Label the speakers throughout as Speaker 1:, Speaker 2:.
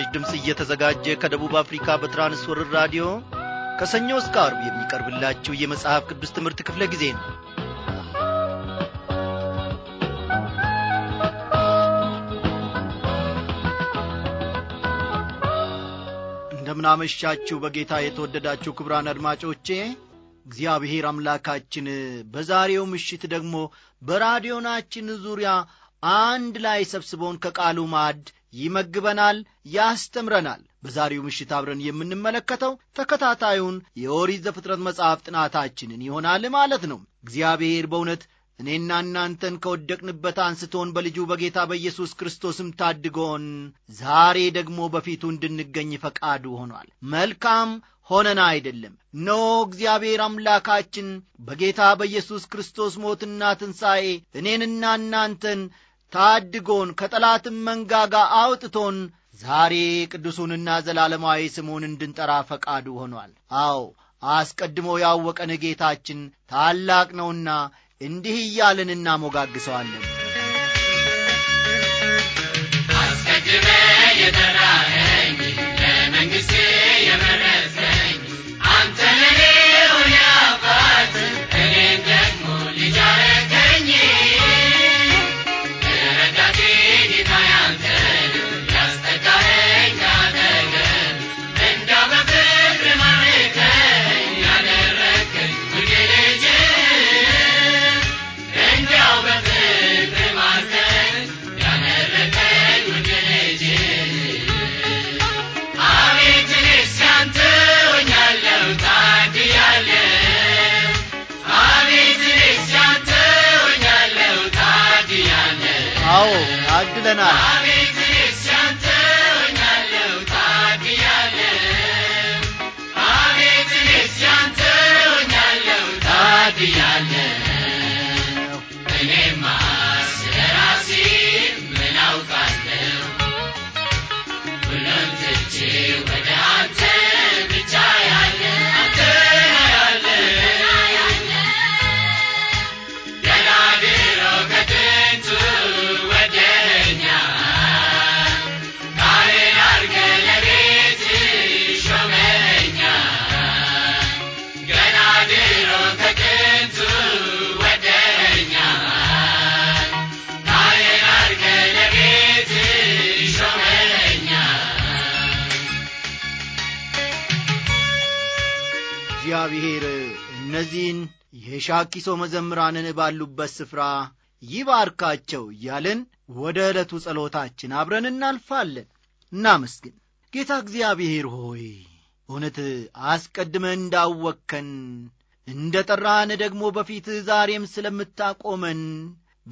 Speaker 1: ለመስራች ድምፅ እየተዘጋጀ ከደቡብ አፍሪካ በትራንስወርር ራዲዮ ከሰኞ እስከ አርብ የሚቀርብላችሁ የመጽሐፍ ቅዱስ ትምህርት ክፍለ ጊዜ ነው እንደምናመሻችሁ በጌታ የተወደዳችሁ ክብራን አድማጮቼ እግዚአብሔር አምላካችን በዛሬው ምሽት ደግሞ በራዲዮናችን ዙሪያ አንድ ላይ ሰብስቦን ከቃሉ ማድ ይመግበናል፣ ያስተምረናል። በዛሬው ምሽት አብረን የምንመለከተው ተከታታዩን የኦሪት ዘፍጥረት መጽሐፍ ጥናታችንን ይሆናል ማለት ነው። እግዚአብሔር በእውነት እኔና እናንተን ከወደቅንበት አንስቶን በልጁ በጌታ በኢየሱስ ክርስቶስም ታድጎን ዛሬ ደግሞ በፊቱ እንድንገኝ ፈቃዱ ሆኗል። መልካም ሆነን አይደለም። ኖ እግዚአብሔር አምላካችን በጌታ በኢየሱስ ክርስቶስ ሞትና ትንሣኤ እኔንና እናንተን ታድጎን ከጠላትም መንጋጋ አውጥቶን ዛሬ ቅዱሱንና ዘላለማዊ ስሙን እንድንጠራ ፈቃዱ ሆኗል። አዎ አስቀድሞ ያወቀን ጌታችን ታላቅ ነውና እንዲህ እያልን እናሞጋግሰዋለን። እነዚህን የሻኪሶ መዘምራንን ባሉበት ስፍራ ይባርካቸው እያለን ወደ ዕለቱ ጸሎታችን አብረን እናልፋለን እናመስግን ጌታ እግዚአብሔር ሆይ እውነት አስቀድመን እንዳወቅከን እንደ ጠራን ደግሞ በፊትህ ዛሬም ስለምታቆመን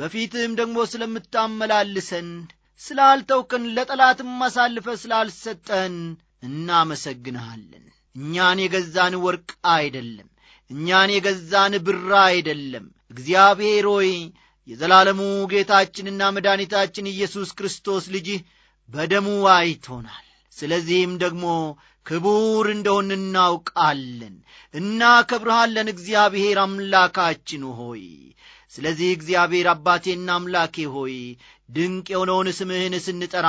Speaker 1: በፊትህም ደግሞ ስለምታመላልሰን ስላልተውከን ለጠላትም አሳልፈ ስላልሰጠን እናመሰግንሃለን እኛን የገዛን ወርቅ አይደለም እኛን የገዛን ብር አይደለም። እግዚአብሔር ሆይ የዘላለሙ ጌታችንና መድኃኒታችን ኢየሱስ ክርስቶስ ልጅህ በደሙ አይቶናል። ስለዚህም ደግሞ ክቡር እንደሆን እናውቃለን። እናከብርሃለን። እግዚአብሔር አምላካችን ሆይ ስለዚህ እግዚአብሔር አባቴና አምላኬ ሆይ ድንቅ የሆነውን ስምህን ስንጠራ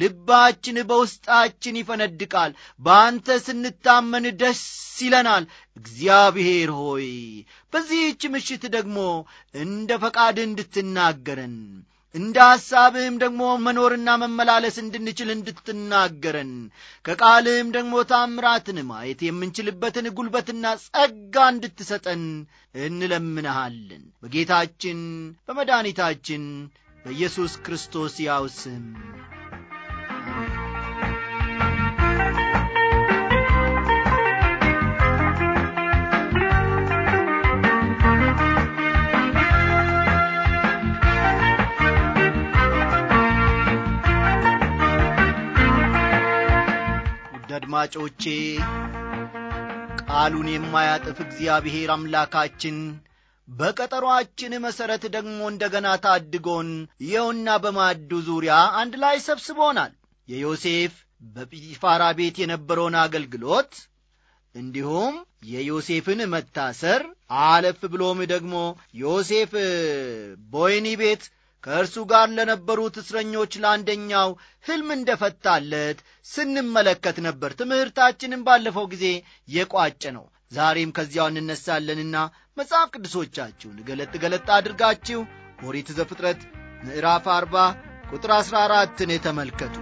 Speaker 1: ልባችን በውስጣችን ይፈነድቃል፣ በአንተ ስንታመን ደስ ይለናል። እግዚአብሔር ሆይ በዚህች ምሽት ደግሞ እንደ ፈቃድ እንድትናገረን እንደ ሐሳብህም ደግሞ መኖርና መመላለስ እንድንችል እንድትናገረን ከቃልህም ደግሞ ታምራትን ማየት የምንችልበትን ጉልበትና ጸጋ እንድትሰጠን እንለምንሃለን በጌታችን በመድኃኒታችን በኢየሱስ ክርስቶስ ያው ስም አድማጮቼ ቃሉን የማያጥፍ እግዚአብሔር አምላካችን በቀጠሮአችን መሠረት ደግሞ ገና ታድጎን የውና በማዕዱ ዙሪያ አንድ ላይ ሰብስቦናል። የዮሴፍ በጲፋራ ቤት የነበረውን አገልግሎት እንዲሁም የዮሴፍን መታሰር አለፍ ብሎም ደግሞ ዮሴፍ በወይኒ ቤት ከእርሱ ጋር ለነበሩት እስረኞች ለአንደኛው ሕልም እንደ ፈታለት ስንመለከት ነበር። ትምህርታችንን ባለፈው ጊዜ የቋጨ ነው። ዛሬም ከዚያው እንነሳለንና መጽሐፍ ቅዱሶቻችሁን ገለጥ ገለጥ አድርጋችሁ ኦሪት ዘፍጥረት ምዕራፍ አርባ ቁጥር አሥራ አራትን የተመልከቱ።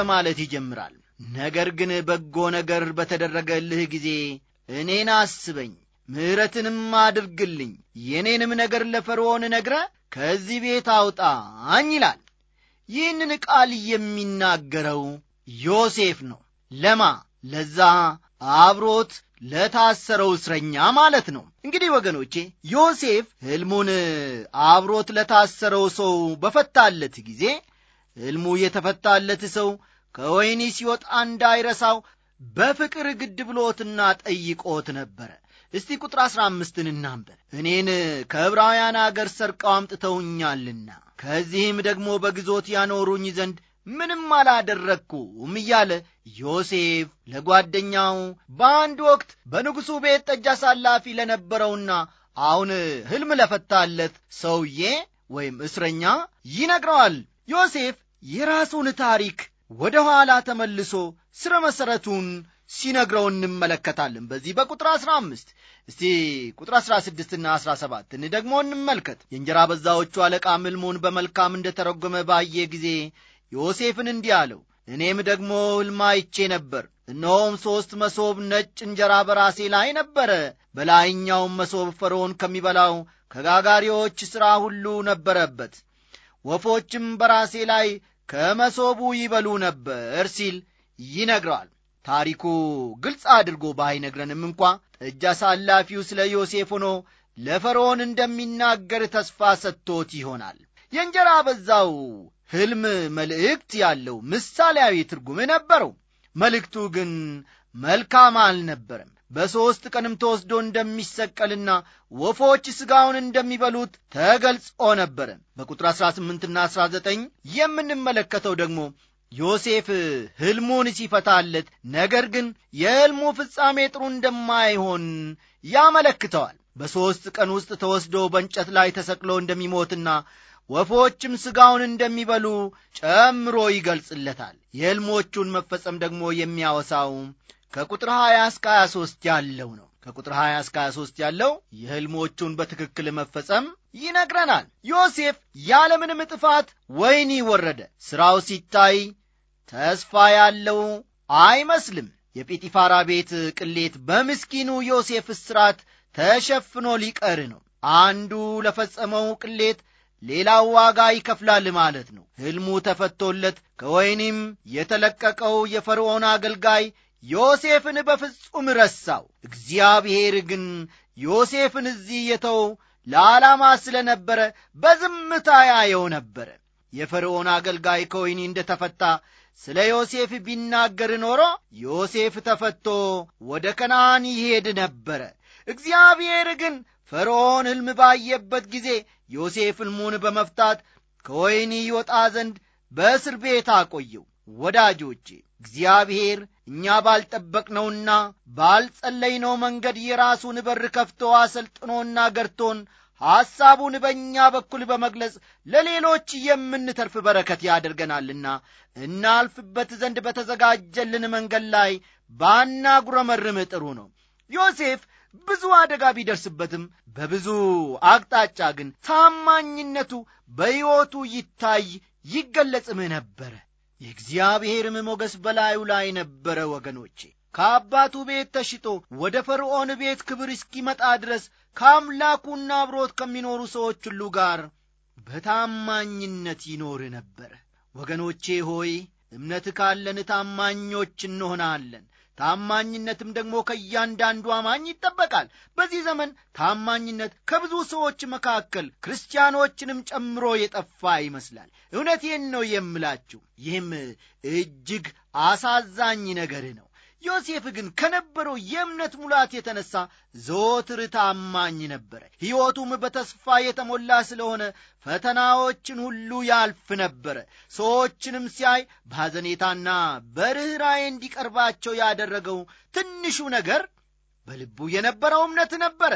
Speaker 1: በማለት ይጀምራል። ነገር ግን በጎ ነገር በተደረገልህ ጊዜ እኔን አስበኝ፣ ምሕረትንም አድርግልኝ፣ የእኔንም ነገር ለፈርዖን ነግረ ከዚህ ቤት አውጣኝ ይላል። ይህንን ቃል የሚናገረው ዮሴፍ ነው። ለማ ለዛ አብሮት ለታሰረው እስረኛ ማለት ነው። እንግዲህ ወገኖቼ ዮሴፍ ሕልሙን አብሮት ለታሰረው ሰው በፈታለት ጊዜ ሕልሙ የተፈታለት ሰው ከወይኒ ሲወጥ እንዳይረሳው በፍቅር ግድ ብሎትና ጠይቆት ነበረ። እስቲ ቁጥር አሥራ አምስትን እናንበር። እኔን ከዕብራውያን አገር ሰርቀው አምጥተውኛልና ከዚህም ደግሞ በግዞት ያኖሩኝ ዘንድ ምንም አላደረግኩም እያለ ዮሴፍ ለጓደኛው በአንድ ወቅት በንጉሡ ቤት ጠጅ አሳላፊ ለነበረውና አሁን ሕልም ለፈታለት ሰውዬ ወይም እስረኛ ይነግረዋል። ዮሴፍ የራሱን ታሪክ ወደ ኋላ ተመልሶ ሥረ መሠረቱን ሲነግረው እንመለከታለን። በዚህ በቁጥር 15 እስቲ ቁጥር 16ና 17 ደግሞ እንመልከት። የእንጀራ በዛዎቹ አለቃ ሕልሙን በመልካም እንደ ተረጎመ ባየ ጊዜ ዮሴፍን እንዲህ አለው፣ እኔም ደግሞ ሕልም አይቼ ነበር። እነሆም ሦስት መሶብ ነጭ እንጀራ በራሴ ላይ ነበረ። በላይኛውም መሶብ ፈርዖን ከሚበላው ከጋጋሪዎች ሥራ ሁሉ ነበረበት። ወፎችም በራሴ ላይ ከመሶቡ ይበሉ ነበር ሲል ይነግረዋል። ታሪኩ ግልጽ አድርጎ ባይነግረንም እንኳ ጠጅ አሳላፊው ስለ ዮሴፍ ሆኖ ለፈርዖን እንደሚናገር ተስፋ ሰጥቶት ይሆናል። የእንጀራ በዛው ሕልም መልእክት ያለው ምሳሌያዊ ትርጉም ነበረው። መልእክቱ ግን መልካም አልነበረም። በሦስት ቀንም ተወስዶ እንደሚሰቀልና ወፎች ሥጋውን እንደሚበሉት ተገልጾ ነበረ። በቁጥር 18ና 19 የምንመለከተው ደግሞ ዮሴፍ ሕልሙን ሲፈታለት፣ ነገር ግን የሕልሙ ፍጻሜ ጥሩ እንደማይሆን ያመለክተዋል። በሦስት ቀን ውስጥ ተወስዶ በእንጨት ላይ ተሰቅሎ እንደሚሞትና ወፎችም ሥጋውን እንደሚበሉ ጨምሮ ይገልጽለታል። የሕልሞቹን መፈጸም ደግሞ የሚያወሳው ከቁጥር 20 እስከ 23 ያለው ነው። ከቁጥር 20 እስከ 23 ያለው የሕልሞቹን በትክክል መፈጸም ይነግረናል። ዮሴፍ ያለምንም ጥፋት ወይን ወረደ። ሥራው ሲታይ ተስፋ ያለው አይመስልም። የጲጢፋራ ቤት ቅሌት በምስኪኑ ዮሴፍ እስራት ተሸፍኖ ሊቀር ነው። አንዱ ለፈጸመው ቅሌት ሌላው ዋጋ ይከፍላል ማለት ነው። ሕልሙ ተፈቶለት ከወይኒም የተለቀቀው የፈርዖን አገልጋይ ዮሴፍን በፍጹም ረሳው። እግዚአብሔር ግን ዮሴፍን እዚህ የተው ለዓላማ ስለ ነበረ በዝምታ ያየው ነበረ። የፈርዖን አገልጋይ ከወይኒ እንደ ተፈታ ስለ ዮሴፍ ቢናገር ኖሮ ዮሴፍ ተፈቶ ወደ ከነዓን ይሄድ ነበረ። እግዚአብሔር ግን ፈርዖን ሕልም ባየበት ጊዜ ዮሴፍ ሕልሙን በመፍታት ከወይኒ ይወጣ ዘንድ በእስር ቤት አቆየው። ወዳጆቼ እግዚአብሔር እኛ ባልጠበቅነውና ባልጸለይነው መንገድ የራሱን በር ከፍቶ አሰልጥኖና ገርቶን ሐሳቡን በእኛ በኩል በመግለጽ ለሌሎች የምንተርፍ በረከት ያደርገናልና እናልፍበት ዘንድ በተዘጋጀልን መንገድ ላይ ባናጉረመርም ጥሩ ነው። ዮሴፍ ብዙ አደጋ ቢደርስበትም በብዙ አቅጣጫ ግን ታማኝነቱ በሕይወቱ ይታይ ይገለጽም ነበረ። የእግዚአብሔርም ሞገስ በላዩ ላይ ነበረ ወገኖቼ ከአባቱ ቤት ተሽጦ ወደ ፈርዖን ቤት ክብር እስኪመጣ ድረስ ከአምላኩና አብሮት ከሚኖሩ ሰዎች ሁሉ ጋር በታማኝነት ይኖር ነበር ወገኖቼ ሆይ እምነት ካለን ታማኞች እንሆናለን ታማኝነትም ደግሞ ከእያንዳንዱ አማኝ ይጠበቃል። በዚህ ዘመን ታማኝነት ከብዙ ሰዎች መካከል ክርስቲያኖችንም ጨምሮ የጠፋ ይመስላል። እውነቴን ነው የምላችሁ። ይህም እጅግ አሳዛኝ ነገር ነው። ዮሴፍ ግን ከነበረው የእምነት ሙላት የተነሳ ዘወትር ታማኝ ነበረ። ሕይወቱም በተስፋ የተሞላ ስለሆነ ፈተናዎችን ሁሉ ያልፍ ነበረ። ሰዎችንም ሲያይ በሐዘኔታና በርኅራዬ እንዲቀርባቸው ያደረገው ትንሹ ነገር በልቡ የነበረው እምነት ነበረ።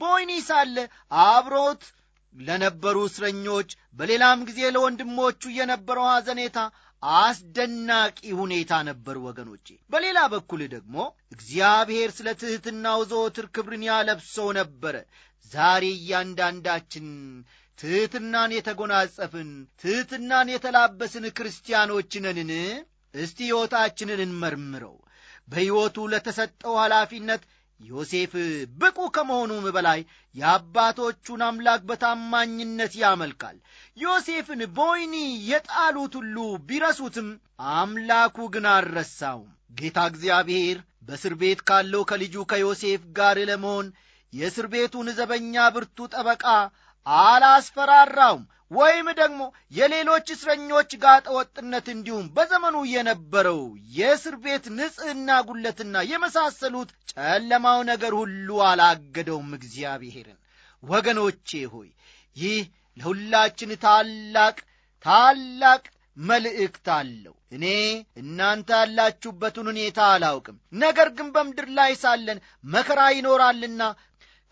Speaker 1: በወኅኒ ሳለ አብሮት ለነበሩ እስረኞች፣ በሌላም ጊዜ ለወንድሞቹ የነበረው ሐዘኔታ አስደናቂ ሁኔታ ነበር ወገኖቼ። በሌላ በኩል ደግሞ እግዚአብሔር ስለ ትሕትናው ዘወትር ክብርን ያለብሰው ነበረ። ዛሬ እያንዳንዳችን ትሕትናን የተጎናጸፍን ትሕትናን የተላበስን ክርስቲያኖች ነንን? እስቲ ሕይወታችንን እንመርምረው። በሕይወቱ ለተሰጠው ኃላፊነት ዮሴፍ ብቁ ከመሆኑም በላይ የአባቶቹን አምላክ በታማኝነት ያመልካል። ዮሴፍን በወይኒ የጣሉት ሁሉ ቢረሱትም አምላኩ ግን አልረሳውም። ጌታ እግዚአብሔር በእስር ቤት ካለው ከልጁ ከዮሴፍ ጋር ለመሆን የእስር ቤቱን ዘበኛ ብርቱ ጠበቃ አላስፈራራውም። ወይም ደግሞ የሌሎች እስረኞች ጋጠወጥነት እንዲሁም በዘመኑ የነበረው የእስር ቤት ንጽሕና ጉለትና የመሳሰሉት ጨለማው ነገር ሁሉ አላገደውም እግዚአብሔርን። ወገኖቼ ሆይ ይህ ለሁላችን ታላቅ ታላቅ መልእክት አለው። እኔ እናንተ ያላችሁበትን ሁኔታ አላውቅም፣ ነገር ግን በምድር ላይ ሳለን መከራ ይኖራልና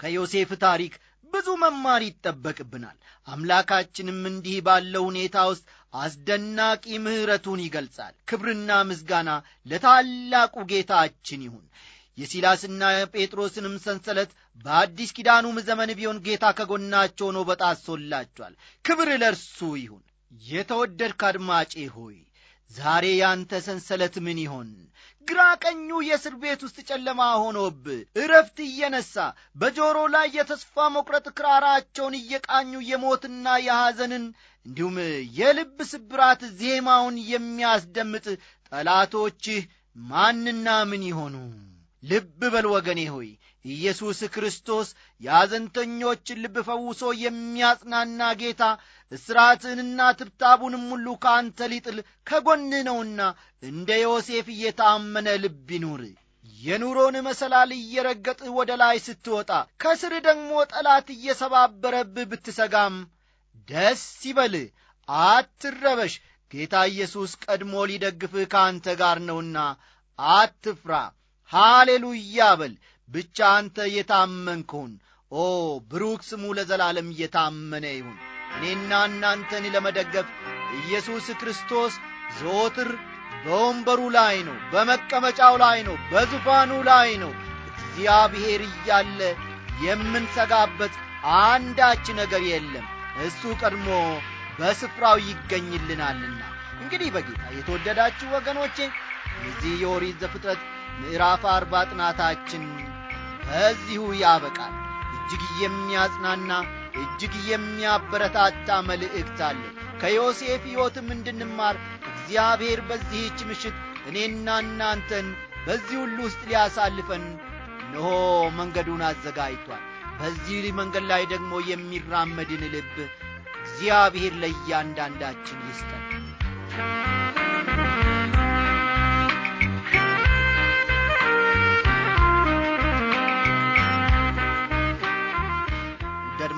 Speaker 1: ከዮሴፍ ታሪክ ብዙ መማር ይጠበቅብናል። አምላካችንም እንዲህ ባለው ሁኔታ ውስጥ አስደናቂ ምሕረቱን ይገልጻል። ክብርና ምስጋና ለታላቁ ጌታችን ይሁን። የሲላስና ጴጥሮስንም ሰንሰለት በአዲስ ኪዳኑም ዘመን ቢሆን ጌታ ከጎናቸው ሆኖ በጣሶላቸዋል። ክብር ለእርሱ ይሁን። የተወደድክ አድማጬ ሆይ ዛሬ ያንተ ሰንሰለት ምን ይሆን? ግራ ቀኙ የእስር ቤት ውስጥ ጨለማ ሆኖብ እረፍት እየነሳ በጆሮ ላይ የተስፋ መቁረጥ ክራራቸውን እየቃኙ የሞትና የሐዘንን እንዲሁም የልብ ስብራት ዜማውን የሚያስደምጥ ጠላቶችህ ማንና ምን ይሆኑ? ልብ በል ወገኔ ሆይ ኢየሱስ ክርስቶስ የሐዘንተኞችን ልብ ፈውሶ የሚያጽናና ጌታ እስራትህንና ትብታቡንም ሁሉ ከአንተ ሊጥል ከጎን ነውና እንደ ዮሴፍ እየታመነ ልብ ይኑር። የኑሮን መሰላል እየረገጥ ወደ ላይ ስትወጣ ከስር ደግሞ ጠላት እየሰባበረብህ ብትሰጋም ደስ ይበል አትረበሽ። ጌታ ኢየሱስ ቀድሞ ሊደግፍህ ከአንተ ጋር ነውና አትፍራ። ሃሌሉያ በል ብቻ አንተ እየታመንክሁን ኦ ብሩክ ስሙ ለዘላለም እየታመነ ይሁን። እኔና እናንተን ለመደገፍ ኢየሱስ ክርስቶስ ዘወትር በወንበሩ ላይ ነው፣ በመቀመጫው ላይ ነው፣ በዙፋኑ ላይ ነው። እግዚአብሔር እያለ የምንሰጋበት አንዳች ነገር የለም። እሱ ቀድሞ በስፍራው ይገኝልናልና። እንግዲህ በጌታ የተወደዳችሁ ወገኖቼ የዚህ የኦሪት ዘፍጥረት ምዕራፍ አርባ ጥናታችን በዚሁ ያበቃል። እጅግ የሚያጽናና እጅግ የሚያበረታታ መልእክት አለ ከዮሴፍ ሕይወትም እንድንማር እግዚአብሔር በዚህች ምሽት እኔና እናንተን በዚህ ሁሉ ውስጥ ሊያሳልፈን እነሆ መንገዱን አዘጋጅቷል በዚህ መንገድ ላይ ደግሞ የሚራመድን ልብ እግዚአብሔር ለእያንዳንዳችን ይስጠን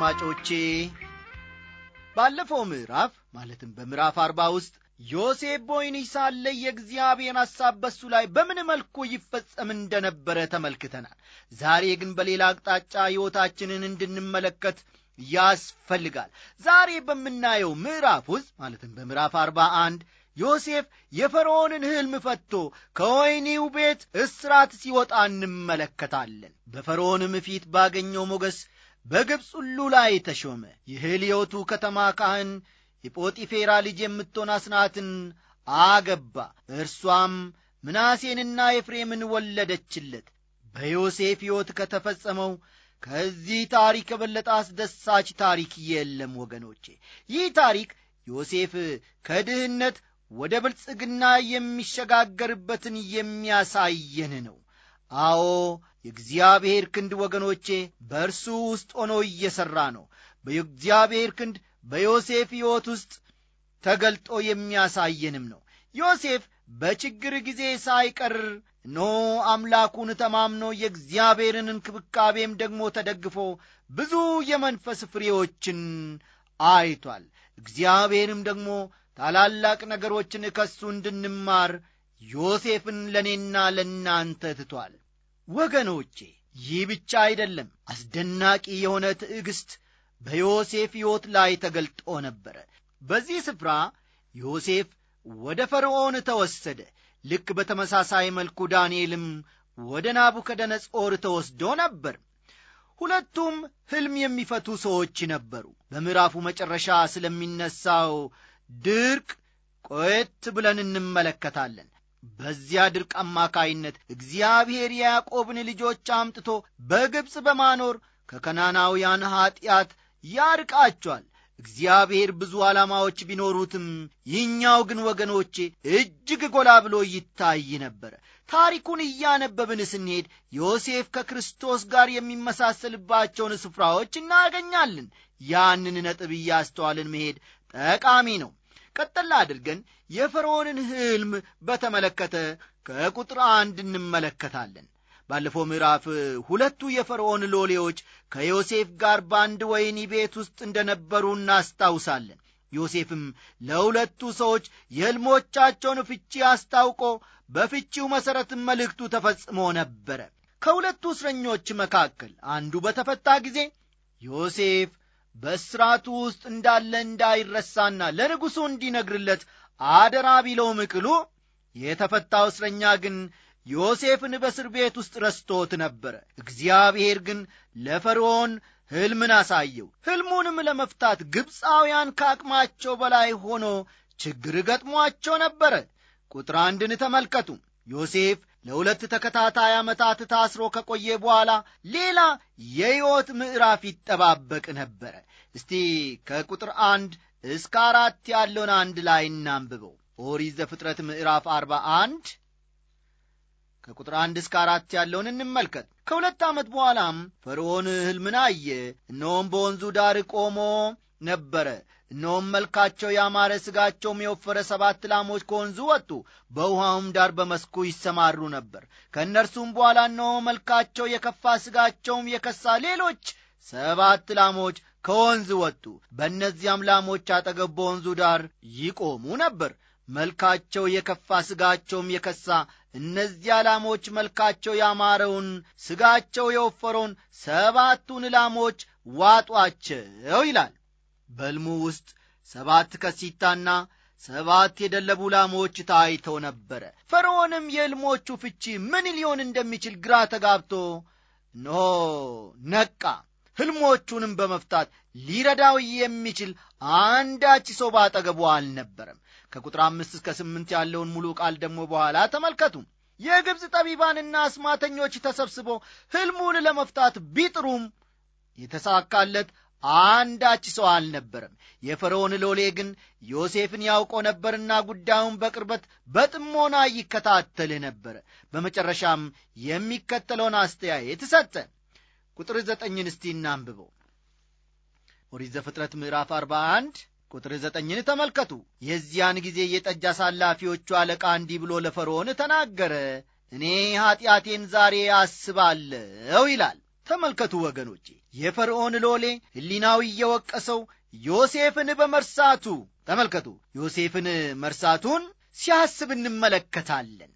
Speaker 1: አድማጮቼ ባለፈው ምዕራፍ ማለትም በምዕራፍ አርባ ውስጥ ዮሴፍ ቦይኒ ሳለ የእግዚአብሔር ሐሳብ በሱ ላይ በምን መልኩ ይፈጸም እንደነበረ ተመልክተናል። ዛሬ ግን በሌላ አቅጣጫ ሕይወታችንን እንድንመለከት ያስፈልጋል። ዛሬ በምናየው ምዕራፍ ውስጥ ማለትም በምዕራፍ አርባ አንድ ዮሴፍ የፈርዖንን ሕልም ፈቶ ከወይኒው ቤት እስራት ሲወጣ እንመለከታለን። በፈርዖንም ፊት ባገኘው ሞገስ በግብፅ ሁሉ ላይ ተሾመ። የሄልዮቱ ከተማ ካህን የጶጢፌራ ልጅ የምትሆን አስናትን አገባ። እርሷም ምናሴንና ኤፍሬምን ወለደችለት። በዮሴፍ ሕይወት ከተፈጸመው ከዚህ ታሪክ የበለጠ አስደሳች ታሪክ የለም ወገኖቼ። ይህ ታሪክ ዮሴፍ ከድህነት ወደ ብልጽግና የሚሸጋገርበትን የሚያሳየን ነው። አዎ የእግዚአብሔር ክንድ ወገኖቼ በእርሱ ውስጥ ሆኖ እየሠራ ነው። በእግዚአብሔር ክንድ በዮሴፍ ሕይወት ውስጥ ተገልጦ የሚያሳየንም ነው። ዮሴፍ በችግር ጊዜ ሳይቀር ኖ አምላኩን ተማምኖ የእግዚአብሔርን እንክብካቤም ደግሞ ተደግፎ ብዙ የመንፈስ ፍሬዎችን አይቷል። እግዚአብሔርም ደግሞ ታላላቅ ነገሮችን ከሱ እንድንማር ዮሴፍን ለእኔና ለእናንተ ትቷል። ወገኖቼ ይህ ብቻ አይደለም አስደናቂ የሆነ ትዕግሥት በዮሴፍ ሕይወት ላይ ተገልጦ ነበረ በዚህ ስፍራ ዮሴፍ ወደ ፈርዖን ተወሰደ ልክ በተመሳሳይ መልኩ ዳንኤልም ወደ ናቡከደነጾር ተወስዶ ነበር ሁለቱም ሕልም የሚፈቱ ሰዎች ነበሩ በምዕራፉ መጨረሻ ስለሚነሳው ድርቅ ቆየት ብለን እንመለከታለን በዚያ ድርቅ አማካይነት እግዚአብሔር የያዕቆብን ልጆች አምጥቶ በግብፅ በማኖር ከከናናውያን ኀጢአት ያርቃቸዋል። እግዚአብሔር ብዙ ዓላማዎች ቢኖሩትም ይህኛው ግን ወገኖቼ እጅግ ጎላ ብሎ ይታይ ነበረ። ታሪኩን እያነበብን ስንሄድ ዮሴፍ ከክርስቶስ ጋር የሚመሳሰልባቸውን ስፍራዎች እናገኛለን። ያንን ነጥብ እያስተዋልን መሄድ ጠቃሚ ነው። ቀጠላ አድርገን የፈርዖንን ሕልም በተመለከተ ከቁጥር አንድ እንመለከታለን። ባለፈው ምዕራፍ ሁለቱ የፈርዖን ሎሌዎች ከዮሴፍ ጋር በአንድ ወይኒ ቤት ውስጥ እንደነበሩ እናስታውሳለን። ዮሴፍም ለሁለቱ ሰዎች የሕልሞቻቸውን ፍቺ አስታውቆ በፍቺው መሠረትም መልእክቱ ተፈጽሞ ነበረ። ከሁለቱ እስረኞች መካከል አንዱ በተፈታ ጊዜ ዮሴፍ በእስራቱ ውስጥ እንዳለ እንዳይረሳና ለንጉሡ እንዲነግርለት አደራ ቢለው ምቅሉ የተፈታው እስረኛ ግን ዮሴፍን በእስር ቤት ውስጥ ረስቶት ነበረ። እግዚአብሔር ግን ለፈርዖን ሕልምን አሳየው። ሕልሙንም ለመፍታት ግብፃውያን ከአቅማቸው በላይ ሆኖ ችግር ገጥሟቸው ነበረ። ቁጥር አንድን ተመልከቱ። ዮሴፍ ለሁለት ተከታታይ ዓመታት ታስሮ ከቆየ በኋላ ሌላ የሕይወት ምዕራፍ ይጠባበቅ ነበረ። እስቲ ከቁጥር አንድ እስከ አራት ያለውን አንድ ላይ እናንብበው። ኦሪት ዘፍጥረት ምዕራፍ አርባ አንድ ከቁጥር አንድ እስከ አራት ያለውን እንመልከት። ከሁለት ዓመት በኋላም ፈርዖን ሕልምን አየ፣ እነሆም በወንዙ ዳር ቆሞ ነበረ እነሆም መልካቸው ያማረ ሥጋቸውም የወፈረ ሰባት ላሞች ከወንዙ ወጡ፣ በውሃውም ዳር በመስኩ ይሰማሩ ነበር። ከእነርሱም በኋላ እነሆ መልካቸው የከፋ ሥጋቸውም የከሳ ሌሎች ሰባት ላሞች ከወንዝ ወጡ። በእነዚያም ላሞች አጠገብ በወንዙ ዳር ይቆሙ ነበር። መልካቸው የከፋ ሥጋቸውም የከሳ እነዚያ ላሞች መልካቸው ያማረውን ሥጋቸው የወፈረውን ሰባቱን ላሞች ዋጧቸው ይላል። በልሙ ውስጥ ሰባት ከሲታና ሰባት የደለቡ ላሞች ታይተው ነበረ። ፈርዖንም የልሞቹ ፍቺ ምን ሊሆን እንደሚችል ግራ ተጋብቶ ኖ ነቃ። ሕልሞቹንም በመፍታት ሊረዳው የሚችል አንዳች ሰው ባጠገቡ አልነበረም። ከቁጥር አምስት እስከ ስምንት ያለውን ሙሉ ቃል ደግሞ በኋላ ተመልከቱ። የግብፅ ጠቢባንና አስማተኞች ተሰብስበው ሕልሙን ለመፍታት ቢጥሩም የተሳካለት አንዳች ሰው አልነበረም። የፈርዖን ሎሌ ግን ዮሴፍን ያውቆ ነበርና ጉዳዩን በቅርበት በጥሞና ይከታተል ነበረ። በመጨረሻም የሚከተለውን አስተያየት ሰጠ። ቁጥር ዘጠኝን እስቲ እናንብበው። ኦሪት ዘፍጥረት ምዕራፍ 41 ቁጥር ዘጠኝን ተመልከቱ። የዚያን ጊዜ የጠጅ አሳላፊዎቹ አለቃ እንዲህ ብሎ ለፈርዖን ተናገረ፣ እኔ ኀጢአቴን ዛሬ አስባለሁ ይላል። ተመልከቱ ወገኖቼ የፈርዖን ሎሌ ሕሊናው እየወቀሰው ዮሴፍን በመርሳቱ ተመልከቱ ዮሴፍን መርሳቱን ሲያስብ እንመለከታለን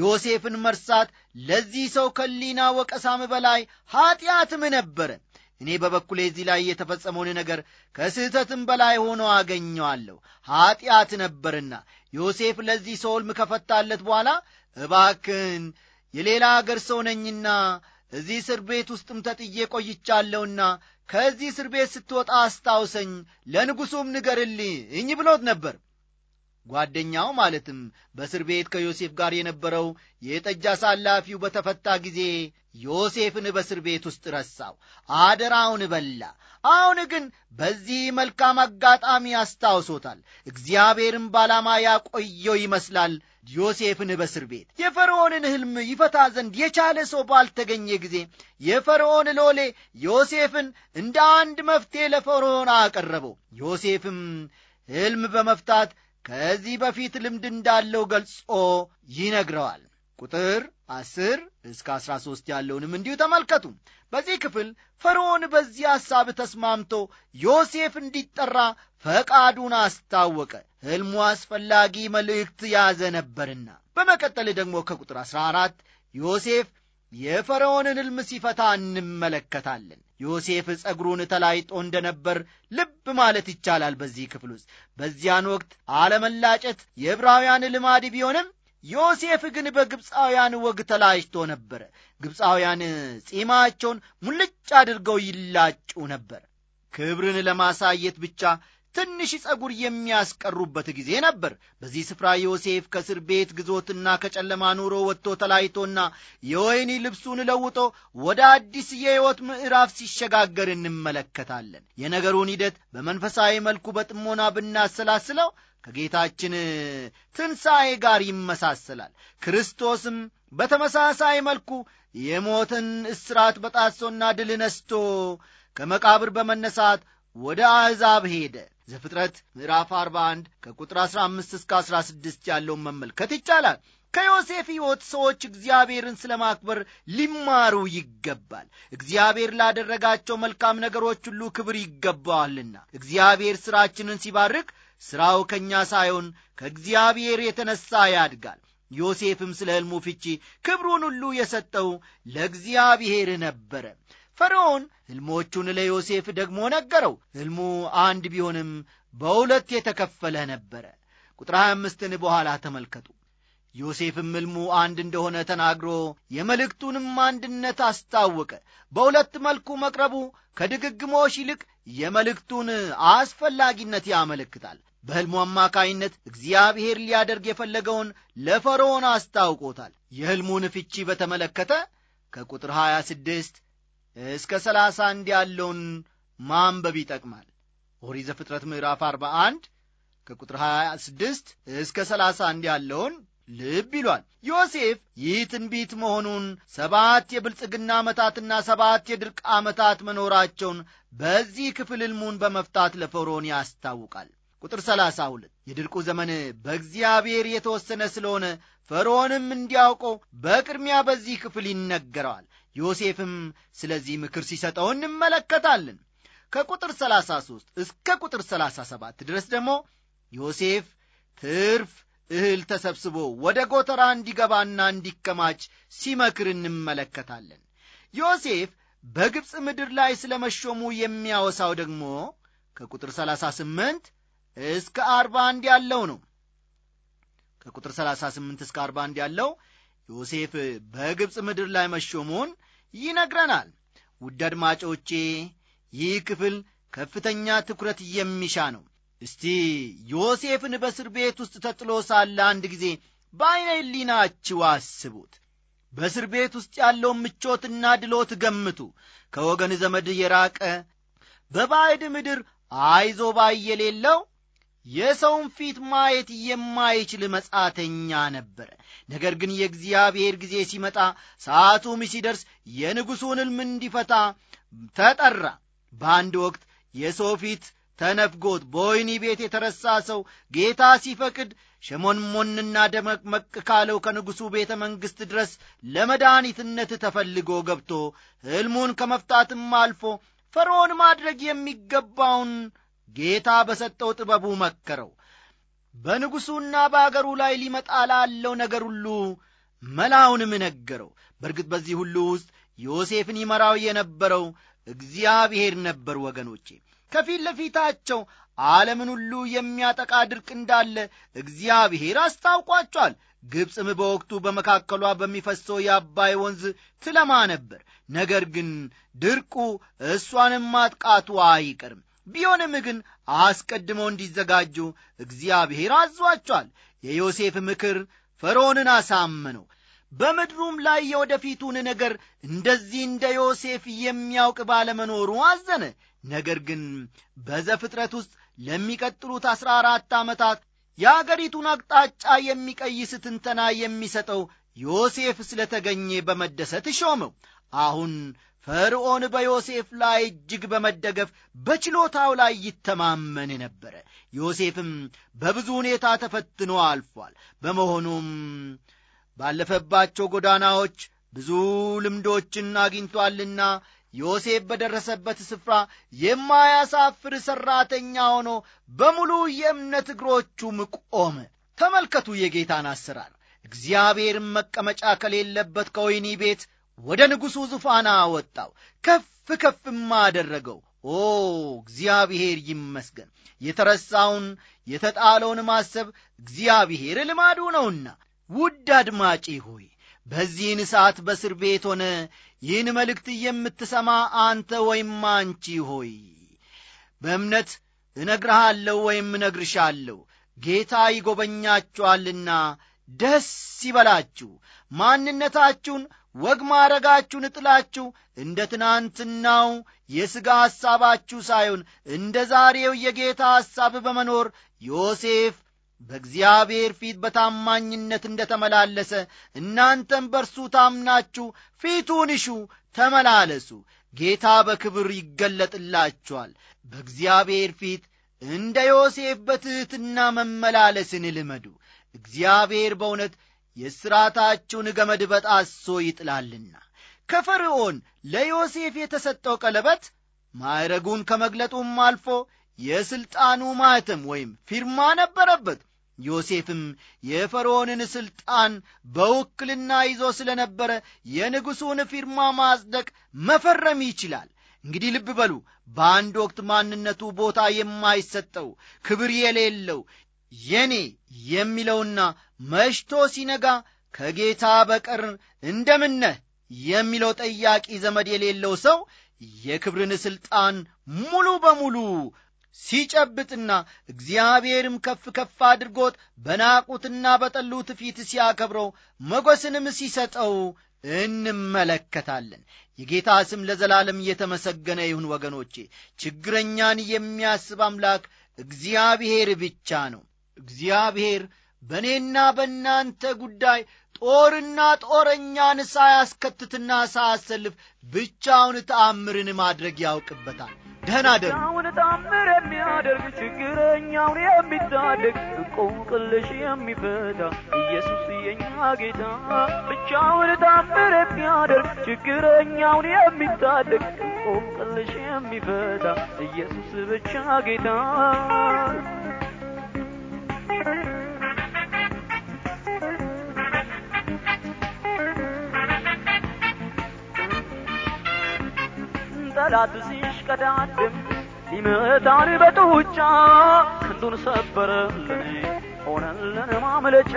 Speaker 1: ዮሴፍን መርሳት ለዚህ ሰው ከሊና ወቀሳም በላይ ኀጢአትም ነበረ እኔ በበኩሌ እዚህ ላይ የተፈጸመውን ነገር ከስህተትም በላይ ሆኖ አገኘዋለሁ ኀጢአት ነበርና ዮሴፍ ለዚህ ሰውልም ከፈታለት በኋላ እባክን የሌላ አገር ሰው ነኝና እዚህ እስር ቤት ውስጥም ተጥዬ ቆይቻለሁና ከዚህ እስር ቤት ስትወጣ አስታውሰኝ፣ ለንጉሡም ንገርልኝ ብሎት ነበር። ጓደኛው ማለትም በእስር ቤት ከዮሴፍ ጋር የነበረው የጠጅ አሳላፊው በተፈታ ጊዜ ዮሴፍን በእስር ቤት ውስጥ ረሳው፣ አደራውን በላ። አሁን ግን በዚህ መልካም አጋጣሚ አስታውሶታል። እግዚአብሔርም ባላማ ያቆየው ይመስላል። ዮሴፍን በእስር ቤት የፈርዖንን ሕልም ይፈታ ዘንድ የቻለ ሰው ባልተገኘ ጊዜ የፈርዖን ሎሌ ዮሴፍን እንደ አንድ መፍትሔ ለፈርዖን አቀረበው። ዮሴፍም ሕልም በመፍታት ከዚህ በፊት ልምድ እንዳለው ገልጾ ይነግረዋል። ቁጥር ዐሥር እስከ ዐሥራ ሦስት ያለውንም እንዲሁ ተመልከቱ። በዚህ ክፍል ፈርዖን በዚህ ሐሳብ ተስማምቶ ዮሴፍ እንዲጠራ ፈቃዱን አስታወቀ። ሕልሙ አስፈላጊ መልእክት ያዘ ነበርና። በመቀጠል ደግሞ ከቁጥር 14 ዮሴፍ የፈርዖንን ሕልም ሲፈታ እንመለከታለን። ዮሴፍ ጸጉሩን ተላይጦ እንደነበር ልብ ማለት ይቻላል። በዚህ ክፍል ውስጥ በዚያን ወቅት አለመላጨት የዕብራውያን ልማድ ቢሆንም ዮሴፍ ግን በግብፃውያን ወግ ተላጭቶ ነበረ። ግብፃውያን ጺማቸውን ሙልጭ አድርገው ይላጩ ነበር። ክብርን ለማሳየት ብቻ ትንሽ ጸጉር የሚያስቀሩበት ጊዜ ነበር። በዚህ ስፍራ ዮሴፍ ከእስር ቤት ግዞትና ከጨለማ ኑሮ ወጥቶ ተላይቶና የወይኒ ልብሱን ለውጦ ወደ አዲስ የሕይወት ምዕራፍ ሲሸጋገር እንመለከታለን። የነገሩን ሂደት በመንፈሳዊ መልኩ በጥሞና ብናሰላስለው ከጌታችን ትንሣኤ ጋር ይመሳሰላል። ክርስቶስም በተመሳሳይ መልኩ የሞትን እስራት በጣሶና ድል ነስቶ ከመቃብር በመነሳት ወደ አሕዛብ ሄደ። ዘፍጥረት ምዕራፍ 41 ከቁጥር 15 እስከ 16 ያለውን መመልከት ይቻላል። ከዮሴፍ ሕይወት ሰዎች እግዚአብሔርን ስለ ማክበር ሊማሩ ይገባል። እግዚአብሔር ላደረጋቸው መልካም ነገሮች ሁሉ ክብር ይገባዋልና እግዚአብሔር ሥራችንን ሲባርክ ሥራው ከእኛ ሳይሆን ከእግዚአብሔር የተነሣ ያድጋል። ዮሴፍም ስለ ሕልሙ ፍቺ ክብሩን ሁሉ የሰጠው ለእግዚአብሔር ነበረ። ፈርዖን ሕልሞቹን ለዮሴፍ ደግሞ ነገረው። ሕልሙ አንድ ቢሆንም በሁለት የተከፈለ ነበረ። ቁጥር 25 አምስትን በኋላ ተመልከቱ። ዮሴፍም ሕልሙ አንድ እንደሆነ ተናግሮ የመልእክቱንም አንድነት አስታወቀ። በሁለት መልኩ መቅረቡ ከድግግሞሽ ይልቅ የመልእክቱን አስፈላጊነት ያመለክታል። በሕልሙ አማካይነት እግዚአብሔር ሊያደርግ የፈለገውን ለፈርዖን አስታውቆታል። የሕልሙን ፍቺ በተመለከተ ከቁጥር 26 እስከ ሰላሳ አንድ ያለውን ማንበብ ይጠቅማል። ኦሪት ዘፍጥረት ምዕራፍ 41 ከቁጥር 26 እስከ 31 ያለውን ልብ ይሏል። ዮሴፍ ይህ ትንቢት መሆኑን ሰባት የብልጽግና ዓመታትና ሰባት የድርቅ ዓመታት መኖራቸውን በዚህ ክፍል ሕልሙን በመፍታት ለፈሮን ያስታውቃል። ቁጥር 32 የድርቁ ዘመን በእግዚአብሔር የተወሰነ ስለሆነ ፈርዖንም እንዲያውቀው በቅድሚያ በዚህ ክፍል ይነገረዋል። ዮሴፍም ስለዚህ ምክር ሲሰጠው እንመለከታለን። ከቁጥር 33 እስከ ቁጥር 37 ድረስ ደግሞ ዮሴፍ ትርፍ እህል ተሰብስቦ ወደ ጎተራ እንዲገባና እንዲከማች ሲመክር እንመለከታለን። ዮሴፍ በግብፅ ምድር ላይ ስለ መሾሙ የሚያወሳው ደግሞ ከቁጥር 38 እስከ 41 ያለው ነው። ከቁጥር 38 እስከ 41 ያለው ዮሴፍ በግብፅ ምድር ላይ መሾሙን ይነግረናል። ውድ አድማጮቼ ይህ ክፍል ከፍተኛ ትኩረት የሚሻ ነው። እስቲ ዮሴፍን በእስር ቤት ውስጥ ተጥሎ ሳለ አንድ ጊዜ በዐይነ ሕሊናችሁ አስቡት። በእስር ቤት ውስጥ ያለውን ምቾትና ድሎት ገምቱ። ከወገን ዘመድ የራቀ በባዕድ ምድር አይዞ ባይ የሌለው የሰውን ፊት ማየት የማይችል መጻተኛ ነበረ። ነገር ግን የእግዚአብሔር ጊዜ ሲመጣ ሰዓቱም ሲደርስ የንጉሡን ሕልም እንዲፈታ ተጠራ። በአንድ ወቅት የሰው ፊት ተነፍጎት በወይኒ ቤት የተረሳ ሰው ጌታ ሲፈቅድ ሸሞንሞንና ደመቅመቅ ካለው ከንጉሡ ቤተ መንግሥት ድረስ ለመድኃኒትነት ተፈልጎ ገብቶ ሕልሙን ከመፍታትም አልፎ ፈርዖን ማድረግ የሚገባውን ጌታ በሰጠው ጥበቡ መከረው። በንጉሡና በአገሩ ላይ ሊመጣ ላለው ነገር ሁሉ መላውንም ነገረው። በእርግጥ በዚህ ሁሉ ውስጥ ዮሴፍን ይመራው የነበረው እግዚአብሔር ነበር። ወገኖቼ ከፊት ለፊታቸው ዓለምን ሁሉ የሚያጠቃ ድርቅ እንዳለ እግዚአብሔር አስታውቋቸዋል። ግብፅም በወቅቱ በመካከሏ በሚፈሰው የአባይ ወንዝ ትለማ ነበር። ነገር ግን ድርቁ እሷንም ማጥቃቱ አይቀርም። ቢሆንም ግን አስቀድመው እንዲዘጋጁ እግዚአብሔር አዟቸዋል። የዮሴፍ ምክር ፈርዖንን አሳመነው። በምድሩም ላይ የወደፊቱን ነገር እንደዚህ እንደ ዮሴፍ የሚያውቅ ባለመኖሩ አዘነ። ነገር ግን በዘፍጥረት ውስጥ ለሚቀጥሉት አሥራ አራት ዓመታት የአገሪቱን አቅጣጫ የሚቀይስ ትንተና የሚሰጠው ዮሴፍ ስለተገኘ በመደሰት ሾመው። አሁን ፈርዖን በዮሴፍ ላይ እጅግ በመደገፍ በችሎታው ላይ ይተማመን ነበረ። ዮሴፍም በብዙ ሁኔታ ተፈትኖ አልፏል። በመሆኑም ባለፈባቸው ጎዳናዎች ብዙ ልምዶችን አግኝቷልና ዮሴፍ በደረሰበት ስፍራ የማያሳፍር ሠራተኛ ሆኖ በሙሉ የእምነት እግሮቹም ቆመ። ተመልከቱ የጌታን አሰራር። እግዚአብሔርም መቀመጫ ከሌለበት ከወይኒ ቤት ወደ ንጉሡ ዙፋን አወጣው፣ ከፍ ከፍም አደረገው። ኦ እግዚአብሔር ይመስገን። የተረሳውን የተጣለውን ማሰብ እግዚአብሔር ልማዱ ነውና። ውድ አድማጪ ሆይ በዚህን ሰዓት በእስር ቤት ሆነ ይህን መልእክት የምትሰማ አንተ ወይም አንቺ ሆይ በእምነት እነግርሃለሁ ወይም እነግርሻለሁ ጌታ ይጎበኛችኋልና ደስ ይበላችሁ። ማንነታችሁን ወግ ማረጋችሁን እጥላችሁ እንደ ትናንትናው የሥጋ ሐሳባችሁ ሳይሆን እንደ ዛሬው የጌታ ሐሳብ በመኖር ዮሴፍ በእግዚአብሔር ፊት በታማኝነት እንደ ተመላለሰ እናንተም በርሱ ታምናችሁ ፊቱን እሹ ተመላለሱ። ጌታ በክብር ይገለጥላችኋል። በእግዚአብሔር ፊት እንደ ዮሴፍ በትሕትና መመላለስን ልመዱ። እግዚአብሔር በእውነት የሥርዓታችሁን ገመድ በጣሶ ይጥላልና ከፈርዖን ለዮሴፍ የተሰጠው ቀለበት ማዕረጉን ከመግለጡም አልፎ የሥልጣኑ ማኅተም ወይም ፊርማ ነበረበት። ዮሴፍም የፈርዖንን ሥልጣን በውክልና ይዞ ስለ ነበረ የንጉሡን ፊርማ ማጽደቅ መፈረም ይችላል። እንግዲህ ልብ በሉ። በአንድ ወቅት ማንነቱ ቦታ የማይሰጠው ክብር የሌለው የኔ የሚለውና መሽቶ ሲነጋ ከጌታ በቀር እንደምነህ የሚለው ጠያቂ ዘመድ የሌለው ሰው የክብርን ሥልጣን ሙሉ በሙሉ ሲጨብጥና እግዚአብሔርም ከፍ ከፍ አድርጎት በናቁትና በጠሉት ፊት ሲያከብረው መጐስንም ሲሰጠው እንመለከታለን። የጌታ ስም ለዘላለም እየተመሰገነ ይሁን። ወገኖቼ ችግረኛን የሚያስብ አምላክ እግዚአብሔር ብቻ ነው። እግዚአብሔር በእኔና በእናንተ ጉዳይ ጦርና ጦረኛን ሳያስከትትና ሳያሰልፍ ብቻውን ተአምርን ማድረግ ያውቅበታል። ደህና ደሩ። አሁን የሚያደርግ ችግረኛውን የሚታደግ
Speaker 2: እቆቅልሽ የሚፈታ ኢየሱስ የኛ ጌታ ብቻውን ታምር የሚያደርግ ችግረኛውን የሚታደግ እቆቅልሽ የሚፈታ ኢየሱስ ብቻ ጌታ ጠላቱ ሲሽቀዳድም ሲመታን በጡጫ ክንዱን ሰበረልን ሆነልን ማምለጫ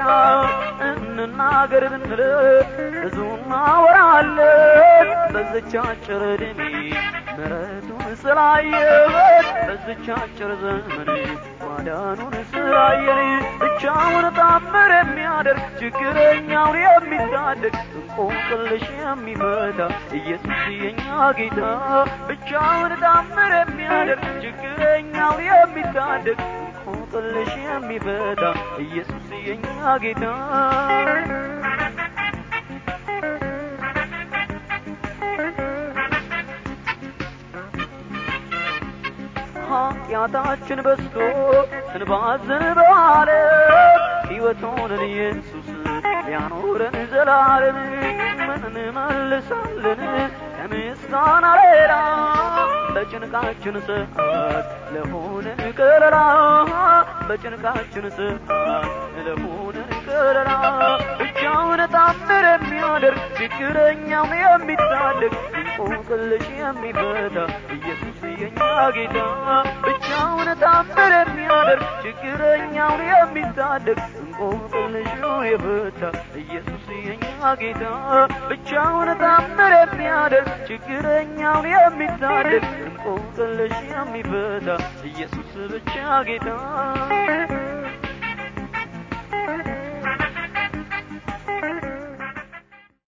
Speaker 2: እንናገር ብንል ብዙ ማወራለን በዝቻ አጭር ዕድሜ ምሕረቱን ስላየበት በዝቻ አጭር ዘመን ማዳኑን ስላየን ብቻውን ታምር የሚያደርግ ችግረኛውን የሚታደግ እንቆቅልሽ የሚመታ ኢየሱስ የኛ ጌታ ብቻውን ታምር የሚያደርግ ችግረኛው የሚታደግ እንቆቅልሽ የሚፈታ ኢየሱስ የኛ ጌታ ኃጢአታችን በዝቶ ስንባዝን በዓለም ሕይወቱን ኢየሱስ ያኖረን ዘላለም ምን መልሳለን ከምስጋና ሌላ በጭንቃችን ሰዓት ለሆነን ከለላ በጭንቃችን ሰዓት ለሆነን ከለላ ብቻውን ታምር የሚያደርግ ችግረኛም የሚታደግ እንቆቅልሽ የሚፈታ ኢየሱስ የኛ ጌታ ብቻውን ታምር የሚያደርግ ችግረኛውን የሚታደግ ቁምጥልሹ የፈታ ኢየሱስ የኛ ጌታ ብቻውን ታምር የሚያደርግ ችግረኛውን የሚታደግ ቁምጥልሽ የሚበታ ኢየሱስ ብቻ ጌታ